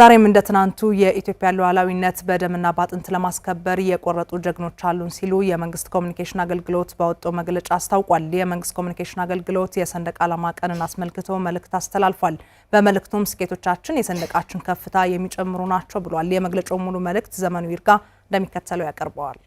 ዛሬም እንደ ትናንቱ የኢትዮጵያ ሉዓላዊነት በደምና በአጥንት ለማስከበር የቆረጡ ጀግኖች አሉን ሲሉ የመንግስት ኮሚኒኬሽን አገልግሎት ባወጣው መግለጫ አስታውቋል። የመንግስት ኮሚኒኬሽን አገልግሎት የሰንደቅ ዓላማ ቀንን አስመልክቶ መልእክት አስተላልፏል። በመልእክቱም ስኬቶቻችን የሰንደቃችን ከፍታ የሚጨምሩ ናቸው ብሏል። የመግለጫው ሙሉ መልእክት ዘመኑ ይርጋ እንደሚከተለው ያቀርበዋል።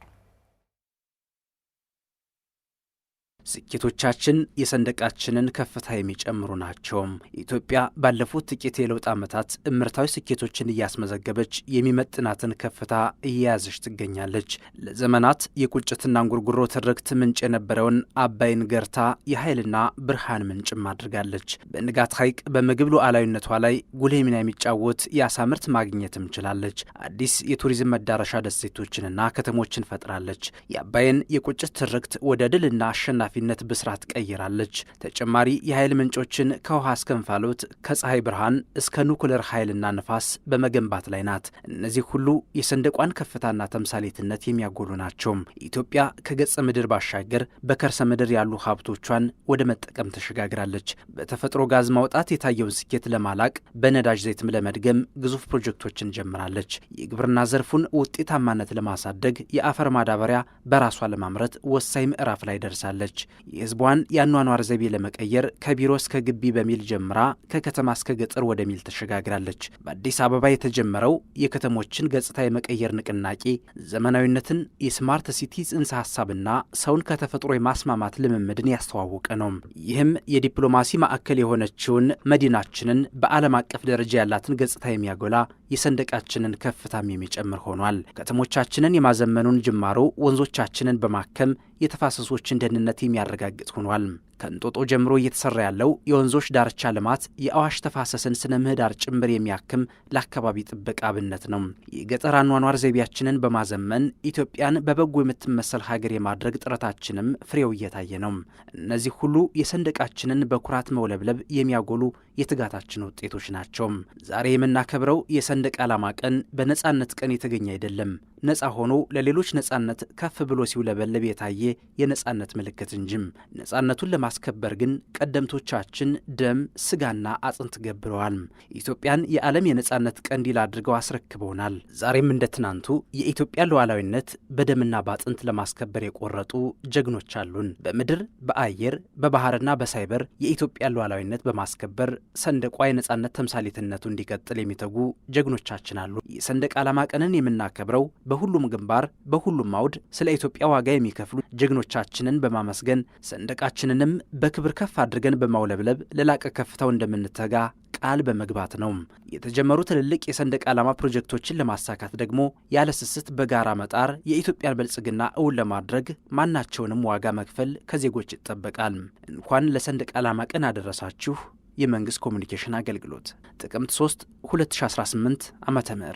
ስኬቶቻችን የሰንደቃችንን ከፍታ የሚጨምሩ ናቸው። ኢትዮጵያ ባለፉት ጥቂት የለውጥ ዓመታት እምርታዊ ስኬቶችን እያስመዘገበች የሚመጥናትን ከፍታ እየያዘች ትገኛለች። ለዘመናት የቁጭትና እንጉርጉሮ ትርክት ምንጭ የነበረውን አባይን ገርታ የኃይልና ብርሃን ምንጭም አድርጋለች። በንጋት ሐይቅ በምግብ ሉዓላዊነቷ ላይ ጉልህ ሚና የሚጫወት የአሳ ምርት ማግኘትም ችላለች። አዲስ የቱሪዝም መዳረሻ ደሴቶችንና ከተሞችን ፈጥራለች። የአባይን የቁጭት ትርክት ወደ ድልና አሸናፊ ኃላፊነት በስራ ትቀይራለች። ተጨማሪ የኃይል ምንጮችን ከውሃ እስከ እንፋሎት፣ ከፀሐይ ብርሃን እስከ ኑክለር ኃይልና ነፋስ በመገንባት ላይ ናት። እነዚህ ሁሉ የሰንደቋን ከፍታና ተምሳሌትነት የሚያጎሉ ናቸው። ኢትዮጵያ ከገጸ ምድር ባሻገር በከርሰ ምድር ያሉ ሀብቶቿን ወደ መጠቀም ተሸጋግራለች። በተፈጥሮ ጋዝ ማውጣት የታየውን ስኬት ለማላቅ በነዳጅ ዘይትም ለመድገም ግዙፍ ፕሮጀክቶችን ጀምራለች። የግብርና ዘርፉን ውጤታማነት ለማሳደግ የአፈር ማዳበሪያ በራሷ ለማምረት ወሳኝ ምዕራፍ ላይ ደርሳለች። የህዝቧን የአኗኗር ዘይቤ ለመቀየር ከቢሮ እስከ ግቢ በሚል ጀምራ ከከተማ እስከ ገጠር ወደ ሚል ተሸጋግራለች። በአዲስ አበባ የተጀመረው የከተሞችን ገጽታ የመቀየር ንቅናቄ ዘመናዊነትን፣ የስማርት ሲቲ ጽንሰ ሀሳብና ሰውን ከተፈጥሮ የማስማማት ልምምድን ያስተዋወቀ ነው። ይህም የዲፕሎማሲ ማዕከል የሆነችውን መዲናችንን በዓለም አቀፍ ደረጃ ያላትን ገጽታ የሚያጎላ የሰንደቃችንን ከፍታም የሚጨምር ሆኗል። ከተሞቻችንን የማዘመኑን ጅማሮ ወንዞቻችንን በማከም የተፋሰሶችን ደህንነት የሚያረጋግጥ ሆኗል። ከእንጦጦ ጀምሮ እየተሰራ ያለው የወንዞች ዳርቻ ልማት የአዋሽ ተፋሰስን ስነ ምህዳር ጭምር የሚያክም ለአካባቢ ጥበቃ አብነት ነው። የገጠር አኗኗር ዘይቤያችንን በማዘመን ኢትዮጵያን በበጎ የምትመሰል ሀገር የማድረግ ጥረታችንም ፍሬው እየታየ ነው። እነዚህ ሁሉ የሰንደቃችንን በኩራት መውለብለብ የሚያጎሉ የትጋታችን ውጤቶች ናቸው። ዛሬ የምናከብረው የሰንደቅ ዓላማ ቀን በነፃነት ቀን የተገኘ አይደለም። ነፃ ሆኖ ለሌሎች ነፃነት ከፍ ብሎ ሲውለበለብ የታየ የነፃነት ምልክት እንጂም ነፃነቱን ለማስከበር ግን ቀደምቶቻችን ደም፣ ስጋና አጥንት ገብረዋል። ኢትዮጵያን የዓለም የነጻነት ቀንዲል አድርገው አስረክበውናል። ዛሬም እንደ ትናንቱ የኢትዮጵያ ሉዓላዊነት በደምና በአጥንት ለማስከበር የቆረጡ ጀግኖች አሉን። በምድር በአየር በባህርና በሳይበር የኢትዮጵያ ሉዓላዊነት በማስከበር ሰንደቋ የነጻነት ተምሳሌትነቱ እንዲቀጥል የሚተጉ ጀግኖቻችን አሉ። የሰንደቅ ዓላማ ቀንን የምናከብረው በሁሉም ግንባር በሁሉም አውድ ስለ ኢትዮጵያ ዋጋ የሚከፍሉ ጀግኖቻችንን በማመስገን ሰንደቃችንንም ይህንም በክብር ከፍ አድርገን በማውለብለብ ለላቀ ከፍታው እንደምንተጋ ቃል በመግባት ነው። የተጀመሩ ትልልቅ የሰንደቅ ዓላማ ፕሮጀክቶችን ለማሳካት ደግሞ ያለ ስስት በጋራ መጣር የኢትዮጵያን ብልጽግና እውን ለማድረግ ማናቸውንም ዋጋ መክፈል ከዜጎች ይጠበቃል። እንኳን ለሰንደቅ ዓላማ ቀን አደረሳችሁ። የመንግሥት ኮሚኒኬሽን አገልግሎት ጥቅምት 3 2018 ዓ ም